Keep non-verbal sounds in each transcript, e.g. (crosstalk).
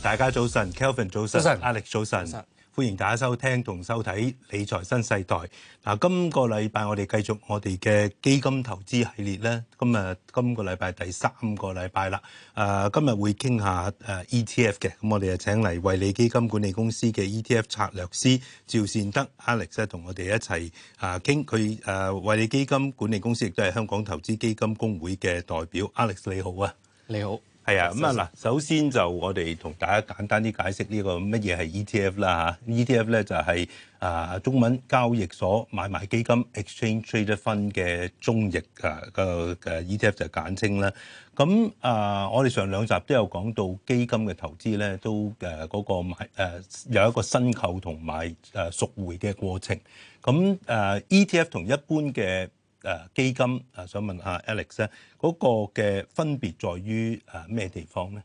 大家早晨，Kelvin 早晨，早晨，Alex 早晨，早晨歡迎大家收聽同收睇理財新世代。嗱，今個禮拜我哋繼續我哋嘅基金投資系列咧，今日，今個禮拜第三個禮拜啦。啊，今日會傾下誒 ETF 嘅，咁我哋就請嚟惠理基金管理公司嘅 ETF 策略師趙善德 Alex 同我哋一齊啊傾佢誒惠理基金管理公司亦都係香港投資基金公會嘅代表。Alex 你好啊，你好。係啊，咁啊嗱，首先，嗯、首先就我哋同大家簡單啲解釋呢個乜嘢係 ETF 啦嚇，ETF 咧就係、是、啊、呃、中文交易所買賣基金 （exchange traded fund） 嘅中譯啊、那個嘅、那個、ETF 就簡稱啦。咁啊、呃，我哋上兩集都有講到基金嘅投資咧，都誒嗰、呃那個買、呃、有一個申購同埋誒贖回嘅過程。咁誒、呃、ETF 同一般嘅誒基金啊，想問下 Alex 咧，嗰個嘅分別在於誒咩地方咧？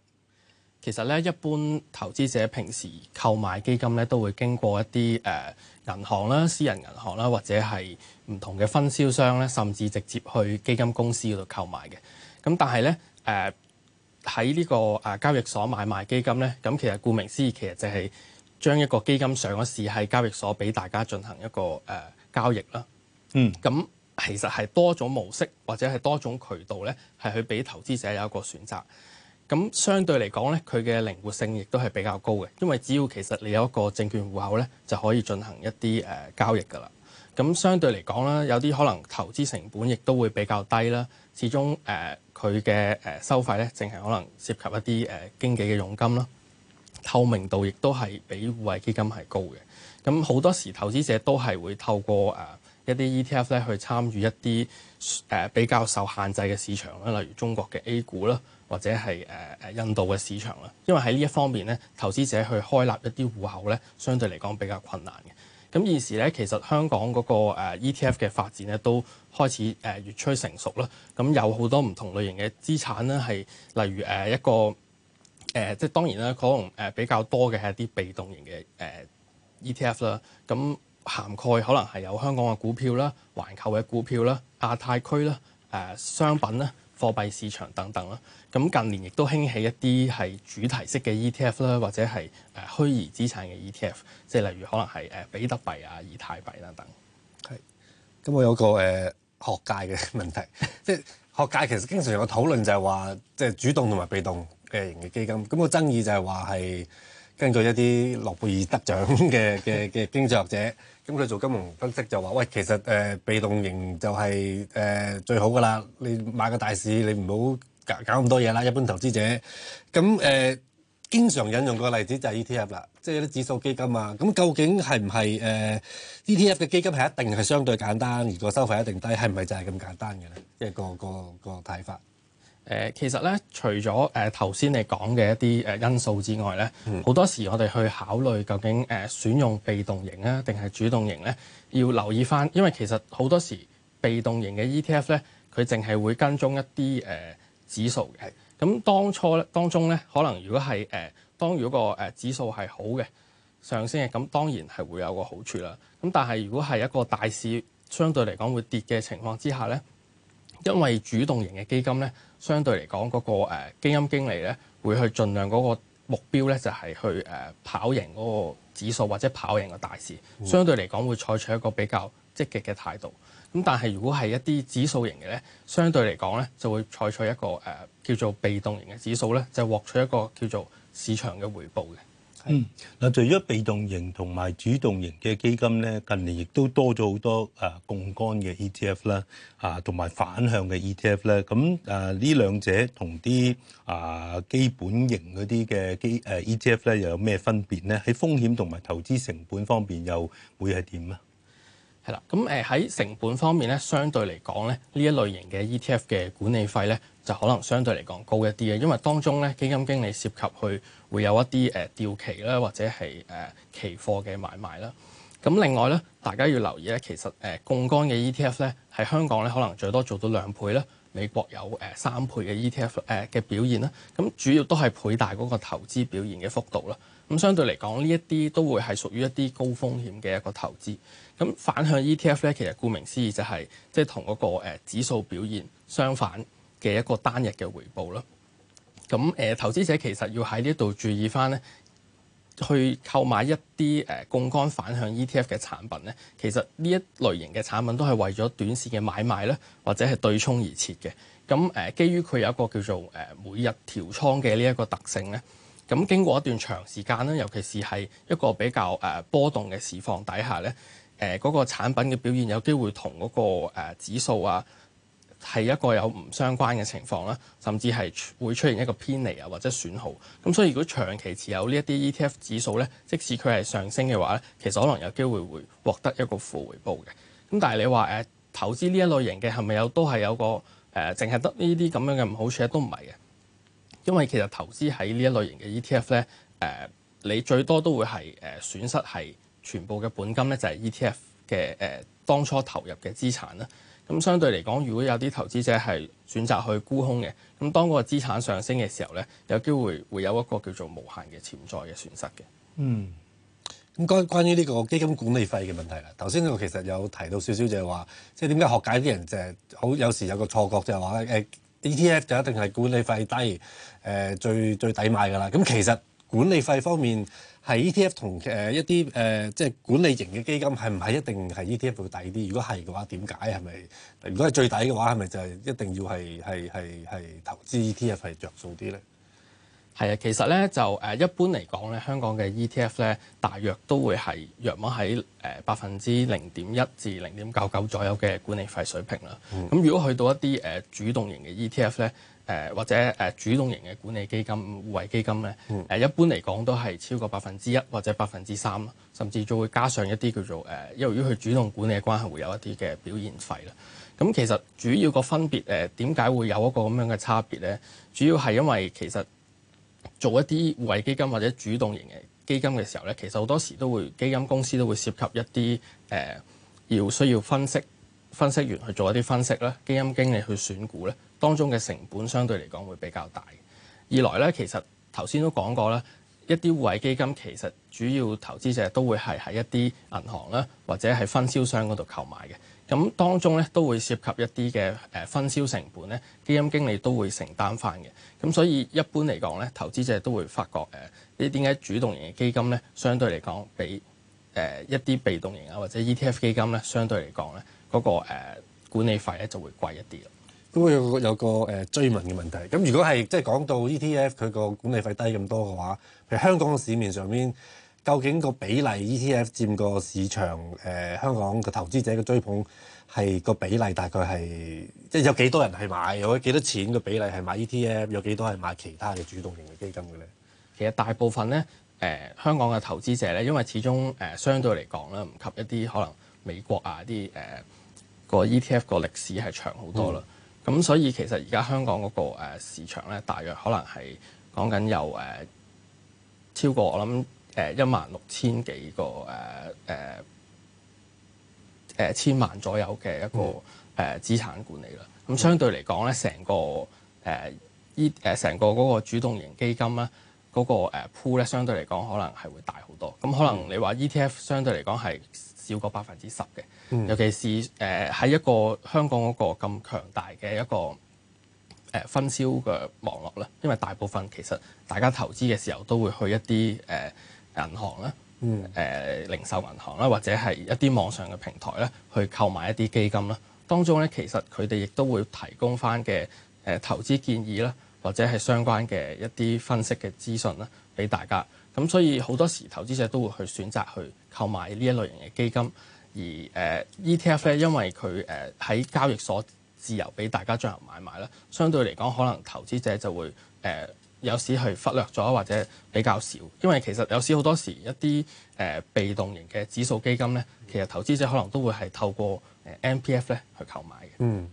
其實咧，一般投資者平時購買基金咧，都會經過一啲誒銀行啦、私人銀行啦，或者係唔同嘅分銷商咧，甚至直接去基金公司嗰度購買嘅。咁但係咧，誒喺呢個誒交易所買賣基金咧，咁其實顧名思義，其實就係將一個基金上咗市喺交易所，俾大家進行一個誒交易啦。嗯，咁。其實係多種模式或者係多種渠道咧，係去俾投資者有一個選擇。咁相對嚟講咧，佢嘅靈活性亦都係比較高嘅，因為只要其實你有一個證券戶口咧，就可以進行一啲誒、呃、交易噶啦。咁相對嚟講啦，有啲可能投資成本亦都會比較低啦。始終誒佢嘅誒收費咧，淨係可能涉及一啲誒、呃、經紀嘅佣金啦。透明度亦都係比互惠基金係高嘅。咁好多時投資者都係會透過誒、呃一啲 ETF 咧去參與一啲誒、呃、比較受限制嘅市場啦，例如中國嘅 A 股啦，或者係誒誒印度嘅市場啦。因為喺呢一方面咧，投資者去開立一啲戶口咧，相對嚟講比較困難嘅。咁現時咧，其實香港嗰、那個、呃、ETF 嘅發展咧，都開始誒、呃、越趨成熟啦。咁有好多唔同類型嘅資產咧，係例如誒、呃、一個誒、呃，即係當然啦，可能誒比較多嘅係一啲被動型嘅誒、呃、ETF 啦。咁涵蓋可能係有香港嘅股票啦、環球嘅股票啦、亞太區啦、誒、呃、商品啦、貨幣市場等等啦。咁近年亦都興起一啲係主題式嘅 ETF 啦，或者係誒虛擬資產嘅 ETF，即係例如可能係誒比特幣啊、以太幣等等。係。咁我有個誒、呃、學界嘅問題，即係 (laughs) 學界其實經常有個討論就係話，即、就、係、是、主動同埋被動嘅型嘅基金。咁、那個爭議就係話係根據一啲諾貝爾得獎嘅嘅嘅經濟學者。 (laughs) 咁佢做金融分析就話，喂，其實誒、呃，被動型就係、是、誒、呃、最好噶啦。你買個大市，你唔好搞搞咁多嘢啦。一般投資者，咁誒、呃、經常引用個例子就係 ETF 啦，即係啲指數基金啊。咁究竟係唔係誒 ETF 嘅基金係一定係相對簡單，而個收費一定低，係唔係就係咁簡單嘅咧？即係個個個睇法。誒其實咧，除咗誒頭先你講嘅一啲誒因素之外咧，好、嗯、多時我哋去考慮究竟誒選用被動型啊，定係主動型咧，要留意返，因為其實好多時被動型嘅 ETF 咧，佢淨係會跟蹤一啲誒、呃、指數嘅。咁當初咧，當中咧，可能如果係誒、呃、當如果個誒指數係好嘅上升嘅，咁當然係會有個好處啦。咁但係如果係一個大市相對嚟講會跌嘅情況之下咧。因為主動型嘅基金咧，相對嚟講嗰個基、啊、金、金經理咧，會去盡量嗰個目標咧，就係、是、去誒、啊、跑贏嗰個指數或者跑贏個大市，相對嚟講會採取一個比較積極嘅態度。咁但係如果係一啲指數型嘅咧，相對嚟講咧就會採取一個誒、啊、叫做被動型嘅指數咧，就獲取一個叫做市場嘅回報嘅。嗯，嗱，除咗被動型同埋主動型嘅基金咧，近年亦都多咗好多啊，槓桿嘅 ETF 啦，啊，同埋反向嘅 ETF 咧，咁啊，呢兩者同啲啊基本型嗰啲嘅基誒 ETF 咧，又有咩分別咧？喺風險同埋投資成本方面，又會係點啊？係啦，咁誒喺成本方面咧，相對嚟講咧，呢一類型嘅 ETF 嘅管理費咧，就可能相對嚟講高一啲嘅，因為當中咧基金經理涉及去會有一啲誒掉期啦，或者係誒期貨嘅買賣啦。咁另外咧，大家要留意咧，其實誒槓桿嘅 ETF 咧，喺香港咧可能最多做到兩倍啦。美國有誒三倍嘅 ETF 誒、呃、嘅表現啦，咁主要都係倍大嗰個投資表現嘅幅度啦。咁相對嚟講，呢一啲都會係屬於一啲高風險嘅一個投資。咁反向 ETF 咧，其實顧名思義就係即係同嗰個指數表現相反嘅一個單日嘅回報啦。咁誒、呃、投資者其實要喺呢度注意翻咧。去購買一啲誒槓桿反向 ETF 嘅產品咧，其實呢一類型嘅產品都係為咗短線嘅買賣咧，或者係對沖而設嘅。咁誒，基於佢有一個叫做誒每日調倉嘅呢一個特性咧，咁經過一段長時間咧，尤其是係一個比較誒波動嘅市況底下咧，誒、那、嗰個產品嘅表現有機會同嗰個指數啊，係一個有唔相關嘅情況啦，甚至係會出現一個偏離啊，或者損耗。咁所以如果長期持有呢一啲 ETF 指數咧，即使佢係上升嘅話咧，其實可能有機會會獲得一個負回報嘅。咁但係你話誒投資呢一類型嘅係咪有都係有個誒淨係得呢啲咁樣嘅唔好處咧？都唔係嘅，因為其實投資喺呢一類型嘅 ETF 咧、呃，誒你最多都會係誒損失係全部嘅本金咧，就係 ETF 嘅誒當初投入嘅資產啦。咁相對嚟講，如果有啲投資者係選擇去沽空嘅，咁當個資產上升嘅時候咧，有機會會有一個叫做無限嘅潛在嘅損失嘅。嗯，咁關關於呢個基金管理費嘅問題啦。頭先我其實有提到少少，就係話即係點解學界啲人就係、是、好有時有個錯覺就係話誒 ETF 就一定係管理費低誒最最抵買㗎啦。咁其實管理費方面。係 ETF 同誒一啲誒、呃、即係管理型嘅基金係唔係一定係 ETF 會抵啲？如果係嘅話，點解係咪？如果係最抵嘅話，係咪就係一定要係係係係投資 ETF 係著數啲咧？係啊，其實咧就誒一般嚟講咧，香港嘅 ETF 咧，大約都會係約摸喺誒百分之零點一至零點九九左右嘅管理費水平啦。咁、嗯、如果去到一啲誒主動型嘅 ETF 咧。誒、呃、或者誒、呃、主動型嘅管理基金、互惠基金咧，誒、嗯呃、一般嚟講都係超過百分之一或者百分之三，甚至再會加上一啲叫做誒、呃，由於佢主動管理嘅關係，會有一啲嘅表現費啦。咁其實主要個分別誒點解會有一個咁樣嘅差別咧？主要係因為其實做一啲互惠基金或者主動型嘅基金嘅時候咧，其實好多時都會基金公司都會涉及一啲誒、呃、要需要分析。分析員去做一啲分析啦。基金經理去選股咧，當中嘅成本相對嚟講會比較大。二來咧，其實頭先都講過啦，一啲互惠基金其實主要投資者都會係喺一啲銀行啦，或者係分銷商嗰度購買嘅。咁當中咧都會涉及一啲嘅誒分銷成本咧，基金經理都會承擔翻嘅。咁所以一般嚟講咧，投資者都會發覺誒，呢點解主動型嘅基金咧相對嚟講比誒一啲被動型啊或者 ETF 基金咧相對嚟講咧，嗰、那個、呃、管理費咧就會貴一啲咯。咁我有，有個有、呃、追問嘅問題，咁如果係即係講到 ETF 佢個管理費低咁多嘅話，譬如香港嘅市面上面，究竟個比例 ETF 佔個市場誒、呃、香港嘅投資者嘅追捧係個比例大概係即係有幾多人係買，或者幾多錢嘅比例係買 ETF，有幾多係買其他嘅主動型嘅基金嘅咧？其實大部分咧誒、呃、香港嘅投資者咧，因為始終誒、呃、相對嚟講啦，唔及一啲可能美國啊啲誒。個 ETF 個歷史係長好多啦，咁、嗯、所以其實而家香港嗰、那個誒、啊、市場咧，大約可能係講緊有誒、啊、超過我諗誒一萬六千幾個誒誒誒千萬左右嘅一個誒資、嗯啊、產管理啦。咁相對嚟講咧，成、嗯、個誒 E 誒成個嗰個主動型基金咧，嗰、那個誒 pool 咧，相對嚟講可能係會大好多。咁可能你話 ETF、嗯、相對嚟講係。少過百分之十嘅，尤其是誒喺、呃、一個香港嗰個咁強大嘅一個誒、呃、分銷嘅網絡咧，因為大部分其實大家投資嘅時候都會去一啲誒、呃、銀行啦，誒、呃、零售銀行啦，或者係一啲網上嘅平台咧，去購買一啲基金啦。當中咧其實佢哋亦都會提供翻嘅誒投資建議啦，或者係相關嘅一啲分析嘅資訊啦，俾大家。咁所以好多時投資者都會去選擇去購買呢一類型嘅基金，而誒、呃、ETF 咧，因為佢誒喺交易所自由俾大家進行買賣啦，相對嚟講可能投資者就會誒、呃、有時係忽略咗或者比較少，因為其實有時好多時一啲誒、呃、被動型嘅指數基金咧，其實投資者可能都會係透過誒 M P F 咧去購買嘅。嗯。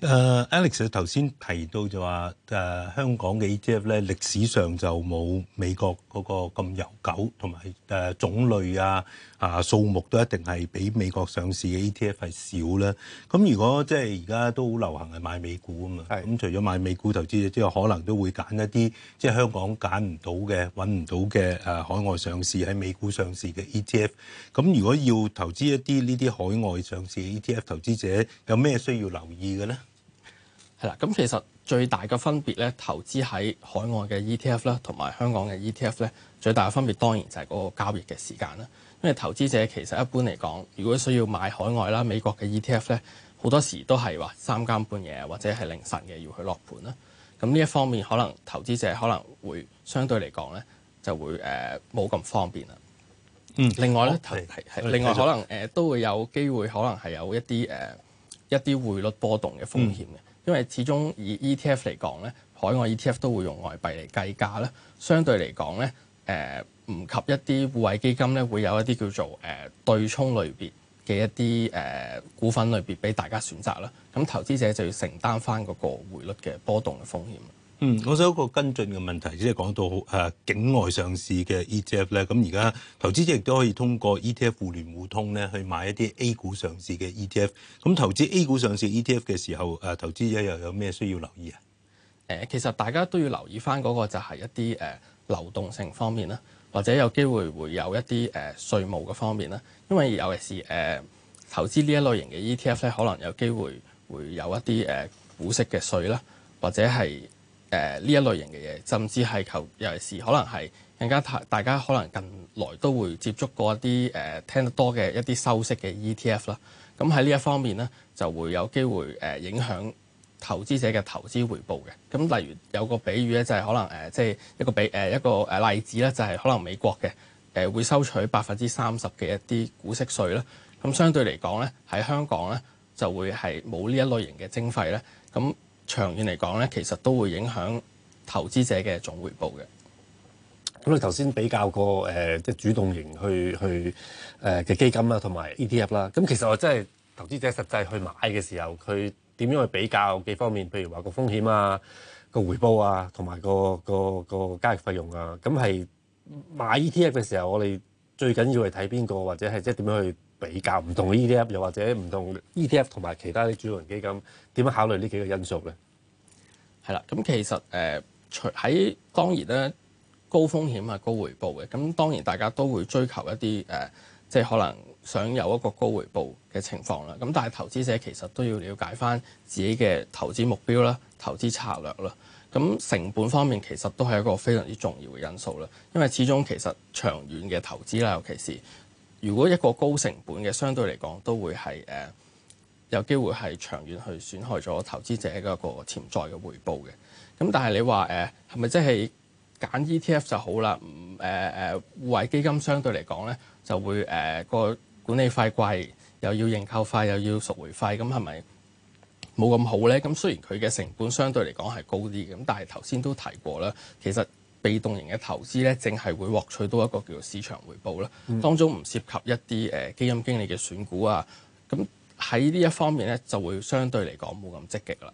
誒、uh, Alex 頭先提到就話誒、uh, 香港嘅 ETF 咧，歷史上就冇美國嗰個咁悠久，同埋誒種類啊。啊數目都一定係比美國上市嘅 ETF 係少啦，咁如果即係而家都好流行係買美股啊嘛，咁的除咗買美股投資者之外，可能都會揀一啲即係香港揀唔到嘅、揾唔到嘅誒海外上市喺美股上市嘅 ETF，咁如果要投資一啲呢啲海外上市嘅 ETF，投資者有咩需要留意嘅呢？係啦，咁其實。最大嘅分別咧，投資喺海外嘅 ETF 啦，同埋香港嘅 ETF 咧，最大嘅分別當然就係嗰個交易嘅時間啦。因為投資者其實一般嚟講，如果需要買海外啦、美國嘅 ETF 咧，好多時都係話三更半夜或者係凌晨嘅要去落盤啦。咁呢一方面，可能投資者可能會相對嚟講咧，就會誒冇咁方便啦。嗯，另外咧，係係 Okay. 另外可能誒、呃、都會有機會，可能係有一啲誒、呃、一啲匯率波動嘅風險嘅。嗯嗯因為始終以 ETF 嚟講咧，海外 ETF 都會用外幣嚟計價咧，相對嚟講咧，誒、呃、唔及一啲互惠基金咧，會有一啲叫做誒、呃、對沖類別嘅一啲誒、呃、股份類別俾大家選擇啦。咁投資者就要承擔翻嗰個匯率嘅波動嘅風險。嗯，我想一個跟進嘅問題，即係講到誒境外上市嘅 E T F 咧。咁而家投資者亦都可以通過 E T F 互聯互通咧，去買一啲 A 股上市嘅 E T F。咁投資 A 股上市 E T F 嘅時候，誒投資者又有咩需要留意啊？誒，其實大家都要留意返嗰個就係一啲誒流動性方面啦，或者有機會會有一啲誒稅務嘅方面啦。因為尤其是誒投資呢一類型嘅 E T F 咧，可能有機會會有一啲誒股息嘅稅啦，或者係。誒呢一類型嘅嘢，甚至係求尤其是可能係更加大家可能近來都會接觸過一啲誒聽得多嘅一啲收息嘅 ETF 啦。咁喺呢一方面咧，就會有機會誒影響投資者嘅投資回報嘅。咁例如有個比喻咧、呃，就係可能誒即係一個比誒、呃、一個誒例子咧，就係可能美國嘅誒、呃、會收取百分之三十嘅一啲股息稅啦。咁相對嚟講咧，喺香港咧就會係冇呢一類型嘅徵費咧。咁長遠嚟講咧，其實都會影響投資者嘅總回報嘅。咁你頭先比較過誒、呃，即係主動型去去誒嘅、呃、基金啦，同埋 ETF 啦。咁其實我真係投資者實際去買嘅時候，佢點樣去比較幾方面？譬如話個風險啊、個回報啊，同埋個個個交易費用啊。咁係買 ETF 嘅時候，我哋最緊要係睇邊個，或者係即係點樣去？比較唔同嘅 ETF，又或者唔同 ETF 同埋其他啲主動型基金，點樣考慮呢幾個因素咧？係啦，咁其實誒，除、呃、喺當然咧，高風險係高回報嘅，咁當然大家都會追求一啲誒、呃，即係可能想有一個高回報嘅情況啦。咁但係投資者其實都要了解翻自己嘅投資目標啦、投資策略啦。咁成本方面其實都係一個非常之重要嘅因素啦，因為始終其實長遠嘅投資啦，尤其是。如果一個高成本嘅，相對嚟講都會係誒、呃、有機會係長遠去損害咗投資者嘅個潛在嘅回報嘅。咁但係你話誒係咪即係揀 ETF 就好啦？誒誒互惠基金相對嚟講咧就會誒個、呃、管理費貴，又要認購費，又要贖回費，咁係咪冇咁好咧？咁雖然佢嘅成本相對嚟講係高啲嘅，咁但係頭先都提過啦，其實。被動型嘅投資咧，淨係會獲取到一個叫做市場回報啦。嗯、當中唔涉及一啲誒基金經理嘅選股啊，咁喺呢一方面咧，就會相對嚟講冇咁積極啦。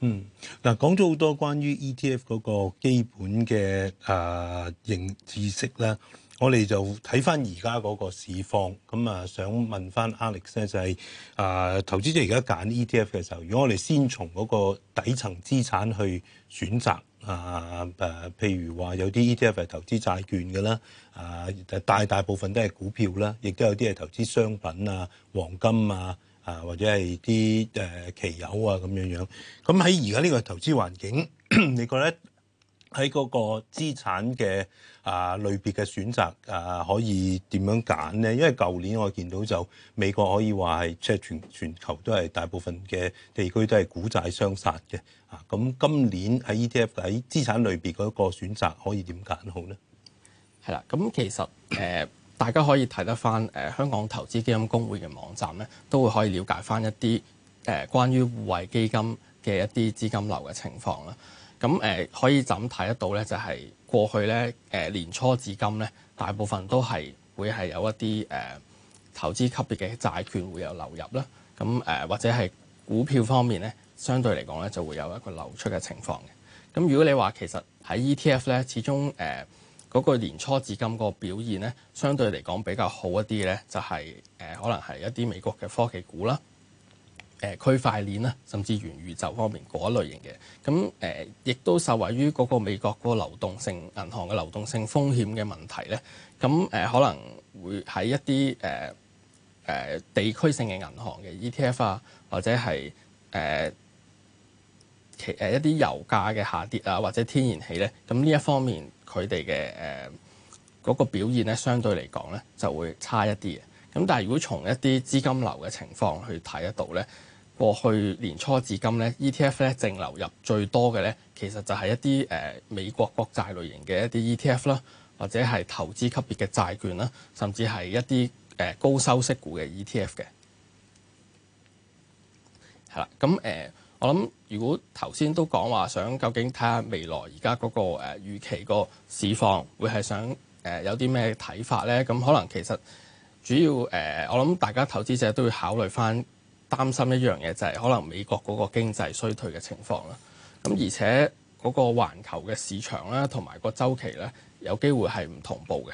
嗯，嗱講咗好多關於 ETF 嗰個基本嘅誒認知識啦，我哋就睇翻而家嗰個市況，咁啊想問翻 Alex 咧、就是，就係誒投資者而家揀 ETF 嘅時候，如果我哋先從嗰個底層資產去選擇？啊誒、啊，譬如話有啲 ETF 係投資債券嘅啦，啊大大部分都係股票啦，亦都有啲係投資商品啊、黃金啊，啊或者係啲誒期油啊咁樣樣。咁喺而家呢個投資環境， (coughs) 你覺得？喺嗰個資產嘅啊類別嘅選擇啊，可以點樣揀呢？因為舊年我見到就美國可以話係即係全全球都係大部分嘅地區都係股債相殺嘅啊。咁今年喺 ETF 喺資產類別嗰個選擇可以點揀好呢？係啦，咁其實誒、呃、大家可以睇得翻誒、呃、香港投資基金公會嘅網站咧，都會可以了解翻一啲誒、呃、關於互惠基金嘅一啲資金流嘅情況啦。咁誒、呃、可以怎睇得到咧？就係、是、過去咧誒、呃、年初至今咧，大部分都係會係有一啲誒、呃、投資級別嘅債券會有流入啦。咁誒、呃、或者係股票方面咧，相對嚟講咧就會有一個流出嘅情況嘅。咁如果你話其實喺 ETF 咧，始終誒嗰、呃那個年初至今個表現咧，相對嚟講比較好一啲咧，就係、是、誒、呃、可能係一啲美國嘅科技股啦。誒區塊鏈啦，甚至元宇宙方面嗰一類型嘅，咁誒、呃、亦都受惠於嗰個美國嗰個流動性銀行嘅流動性風險嘅問題咧，咁誒、呃、可能會喺一啲誒誒地區性嘅銀行嘅 ETF 啊，或者係誒、呃、其誒、呃、一啲油價嘅下跌啊，或者天然氣咧，咁呢一方面佢哋嘅誒嗰個表現咧，相對嚟講咧就會差一啲嘅。咁但係如果從一啲資金流嘅情況去睇得到咧。過去年初至今咧，ETF 咧淨流入最多嘅咧，其實就係一啲誒、呃、美國國債類型嘅一啲 ETF 啦，或者係投資級別嘅債券啦，甚至係一啲誒、呃、高收息股嘅 ETF 嘅。係啦，咁誒、呃，我諗如果頭先都講話想，看看、那個呃、想，究竟睇下未來而家嗰個誒預期個市況會係想誒有啲咩睇法咧？咁可能其實主要誒、呃，我諗大家投資者都要考慮返。擔心一樣嘢就係、是、可能美國嗰個經濟衰退嘅情況啦，咁而且嗰個環球嘅市場啦，同埋個周期咧，有機會係唔同步嘅。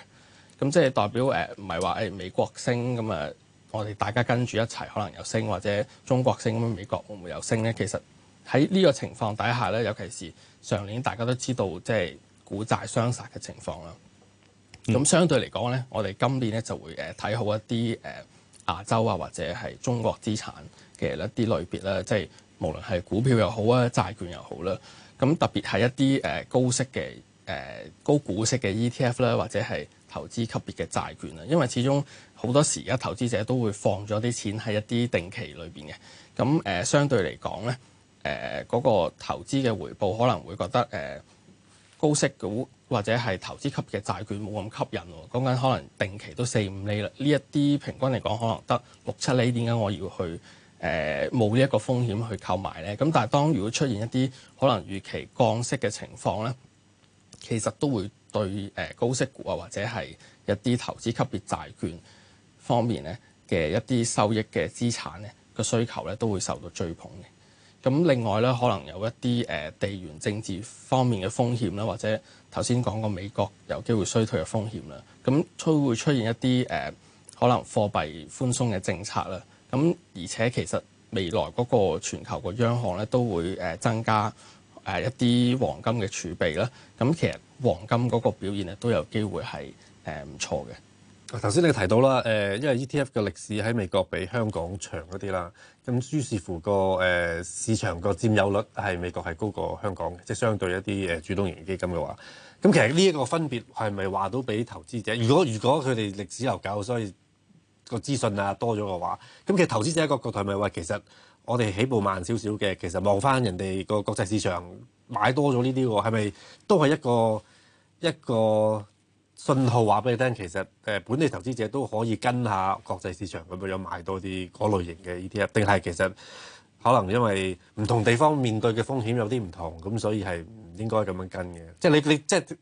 咁即係代表誒，唔係話誒美國升咁啊，我哋大家跟住一齊可能有升，或者中國升咁，美國會唔會有升咧？其實喺呢個情況底下咧，尤其是上年大家都知道即係股債相殺嘅情況啦。咁相對嚟講咧，我哋今年咧就會誒睇、呃、好一啲誒。呃亞洲啊，或者係中國資產嘅一啲類別啦，即係無論係股票又好啊，債券又好啦，咁特別係一啲誒高息嘅誒高股息嘅 ETF 啦，或者係投資級別嘅債券啊，因為始終好多時而家投資者都會放咗啲錢喺一啲定期裏邊嘅，咁誒相對嚟講咧，誒嗰個投資嘅回報可能會覺得誒。高息股或者係投資級嘅債券冇咁吸引喎，講緊可能定期都四五厘啦，呢一啲平均嚟講可能得六七厘，點解我要去誒冇呢一個風險去購買咧？咁但係當如果出現一啲可能預期降息嘅情況咧，其實都會對誒高息股啊或者係一啲投資級別債券方面咧嘅一啲收益嘅資產咧個需求咧都會受到追捧嘅。咁另外咧，可能有一啲誒地緣政治方面嘅風險啦，或者頭先講過美國有機會衰退嘅風險啦。咁都會出現一啲誒可能貨幣寬鬆嘅政策啦。咁而且其實未來嗰個全球個央行咧都會誒增加誒一啲黃金嘅儲備啦。咁其實黃金嗰個表現咧都有機會係誒唔錯嘅。頭先你提到啦，誒、呃，因為 ETF 嘅歷史喺美國比香港長一啲啦，咁舒是乎個誒、呃、市場個佔有率係美國係高過香港嘅，即係相對一啲誒主動型基金嘅話，咁其實呢一個分別係咪話到俾投資者？如果如果佢哋歷史悠久，所以個資訊啊多咗嘅話，咁其實投資者一個角度係咪話其實我哋起步慢少少嘅，其實望翻人哋個國際市場買多咗呢啲喎，係咪都係一個一個？一個信號話俾你聽，其實誒本地投資者都可以跟下國際市場咁樣買多啲嗰類型嘅 ETF，定係其實可能因為唔同地方面對嘅風險有啲唔同，咁所以係唔應該咁樣跟嘅。即係你你即係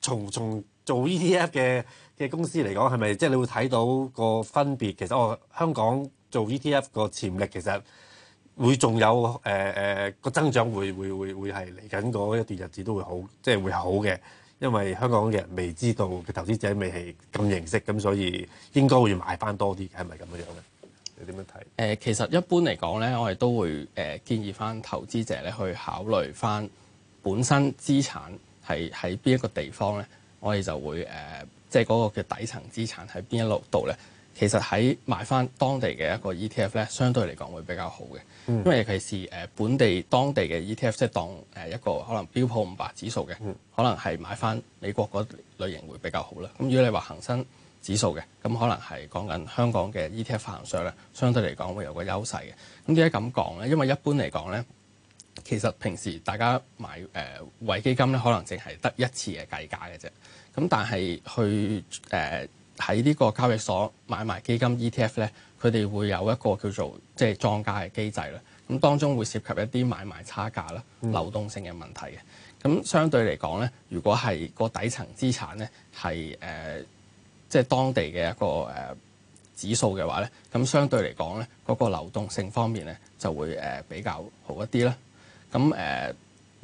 從從做 ETF 嘅嘅公司嚟講，係咪即係你會睇到個分別？其實我、哦、香港做 ETF 個潛力其實會仲有誒誒個增長會會會會係嚟緊嗰一段日子都會好，即係會好嘅。因為香港嘅人未知道嘅投資者未係咁認識，咁所以應該會要買翻多啲，係咪咁樣咧？你點樣睇？誒，其實一般嚟講咧，我哋都會誒建議翻投資者咧去考慮翻本身資產係喺邊一個地方咧，我哋就會誒，即係嗰個嘅底層資產喺邊一路度咧。其實喺買返當地嘅一個 ETF 咧，相對嚟講會比較好嘅，嗯、因為尤其是誒本地當地嘅 ETF，即係當誒一個可能標普五百指數嘅，嗯、可能係買返美國嗰類型會比較好啦。咁如果你話恒生指數嘅，咁可能係講緊香港嘅 ETF 發行商咧，相對嚟講會有個優勢嘅。咁點解咁講咧？因為一般嚟講咧，其實平時大家買誒惠、呃、基金咧，可能淨係得一次嘅計價嘅啫。咁但係去誒。呃喺呢個交易所買賣基金 ETF 咧，佢哋會有一個叫做即係莊家嘅機制啦。咁當中會涉及一啲買賣差價啦、流動性嘅問題嘅。咁相對嚟講咧，如果係個底層資產咧係誒即係當地嘅一個誒、呃、指數嘅話咧，咁相對嚟講咧嗰個流動性方面咧就會誒、呃、比較好一啲啦。咁誒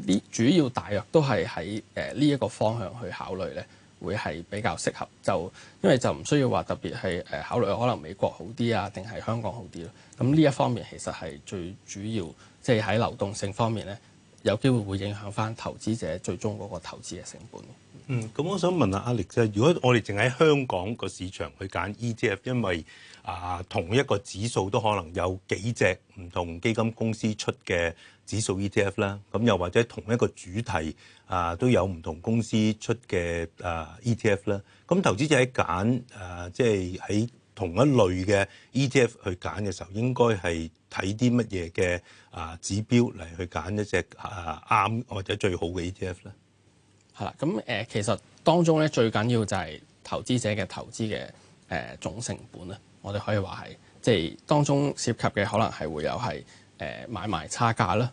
呢主要大約都係喺誒呢一個方向去考慮咧。會係比較適合，就因為就唔需要話特別係誒考慮可能美國好啲啊，定係香港好啲咯、啊。咁呢一方面其實係最主要，即係喺流動性方面咧，有機會會影響翻投資者最終嗰個投資嘅成本。嗯，咁我想問下 Alex，即係如果我哋淨喺香港個市場去揀 ETF，因為啊同一個指數都可能有幾隻唔同基金公司出嘅。指數 ETF 啦，咁又或者同一個主題啊，都有唔同公司出嘅啊 ETF 啦。咁投資者喺揀啊，即係喺同一類嘅 ETF 去揀嘅時候，應該係睇啲乜嘢嘅啊指標嚟去揀一隻啊啱或者最好嘅 ETF 咧？係啦，咁誒，其實當中咧最緊要就係投資者嘅投資嘅誒總成本啦。我哋可以話係即係當中涉及嘅可能係會有係。誒買賣差價啦、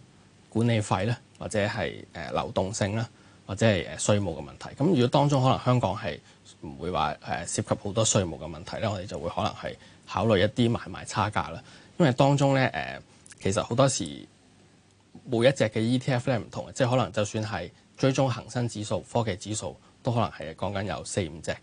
管理費啦，或者係誒流動性啦，或者係誒稅務嘅問題。咁如果當中可能香港係唔會話誒涉及好多稅務嘅問題咧，我哋就會可能係考慮一啲買賣差價啦。因為當中咧誒，其實好多時每一隻嘅 ETF 咧唔同即係、就是、可能就算係追蹤恒生指數、科技指數，都可能係講緊有四五隻嘅。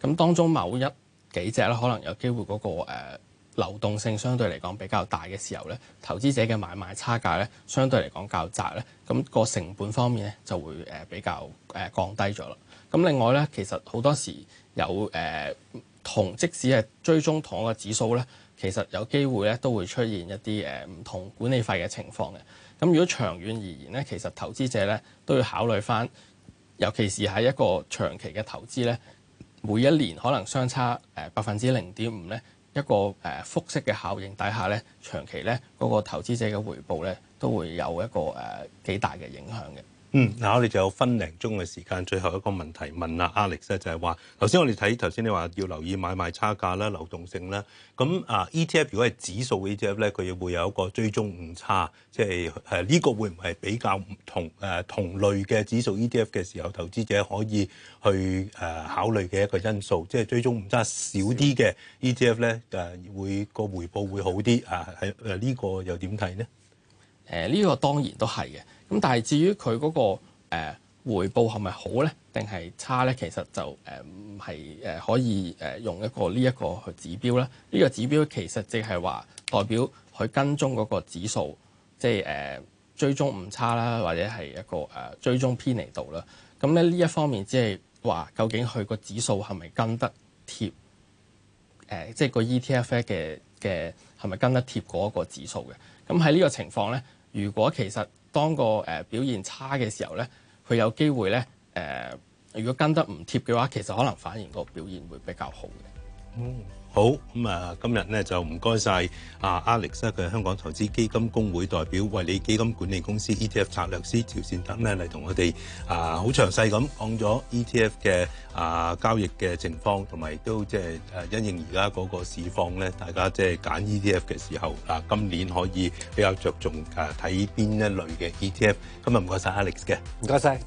咁當中某一幾隻咧，可能有機會嗰、那個、呃流動性相對嚟講比較大嘅時候咧，投資者嘅買賣差價咧，相對嚟講較窄咧，咁個成本方面咧就會誒比較誒降低咗啦。咁另外咧，其實好多時有誒唔同即使係追蹤同一個指數咧，其實有機會咧都會出現一啲誒唔同管理費嘅情況嘅。咁如果長遠而言咧，其實投資者咧都要考慮翻，尤其是喺一個長期嘅投資咧，每一年可能相差誒百分之零點五咧。一個誒複式嘅效應底下咧，長期咧嗰個投資者嘅回報咧都會有一個誒幾大嘅影響嘅。嗯，嗱、啊，我哋就有分零鐘嘅時間，最後一個問題問下 Alex 咧，就係話頭先我哋睇頭先你話要留意買賣差價啦、流動性啦，咁啊 ETF 如果係指數 ETF 咧，佢會有一個追蹤誤差，即係呢個會唔係比較唔同誒同，、啊、同類嘅指數 ETF 嘅時候，投資者可以去誒、啊、考慮嘅一個因素，即、就、係、是、追蹤誤差少啲嘅 ETF 咧、啊，誒會個回報會好啲啊？係誒呢個又點睇咧？誒呢、啊這個當然都係嘅。咁但係至於佢嗰個、呃、回報係咪好咧，定係差咧？其實就誒，係、呃、誒可以誒用一個呢一個去指標咧。呢、呢個指標其實即係話代表佢跟蹤嗰個指數，即係誒、呃、追蹤誤差啦，或者係一個誒、呃、追蹤偏離度啦。咁咧呢一方面即係話究竟佢、呃就是、個，個指數係咪跟得貼誒，即係個 E T F 嘅嘅係咪跟得貼嗰個指數嘅？咁喺呢個情況咧，如果其實當個誒表現差嘅時候咧，佢有機會咧誒、呃，如果跟得唔貼嘅話，其實可能反而個表現會比較好嘅。嗯。好，咁啊，今日咧就唔該曬啊 Alex，佢係香港投資基金公會代表，惠理基金管理公司 ETF 策略師趙善德咧嚟同我哋啊好詳細咁講咗 ETF 嘅啊交易嘅情況，同埋都即係誒因應而家嗰個市況咧，大家即係揀 ETF 嘅時候啊，今年可以比較着重誒睇邊一類嘅 ETF。今日唔該曬 Alex 嘅，唔該曬。